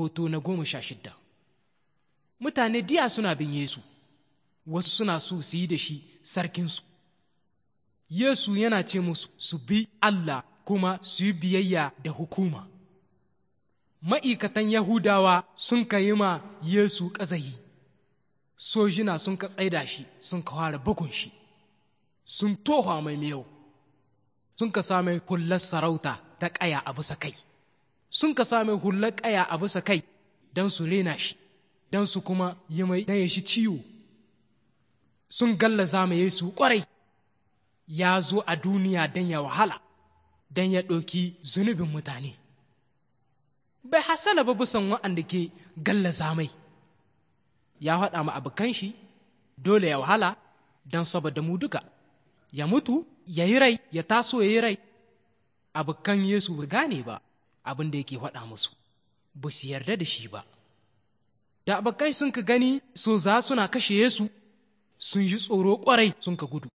hoto na goma sha shidda mutane diya suna bin yesu wasu suna so su yi da shi sarkinsu yesu yana ce musu su bi allah kuma su yi biyayya da hukuma ma'aikatan yahudawa sun ka yi ma yesu ƙazayi sojina sun ka tsaida shi sun ka fara bugun shi sun toha mai miyau sun ka sami kullar sarauta ta ƙaya a bisa kai sun ka same hular ƙaya a bisa kai don su rena shi don su kuma yi mai na shi ciwo sun gallaza mai su ƙwarai ya zo a duniya don ya wahala don ya ɗauki zunubin mutane bai hasala ba bisan waɗanda ke gallaza mai ya haɗa ma abokan shi dole ya wahala don saboda mu duka ya mutu ya yi rai ya taso ya yi rai abokan yesu bai gane ba abin da yake faɗa musu ba su yarda da shi ba da abokai sun ka gani so za suna kashe yesu sun ji tsoro ƙwarai sun ka gudu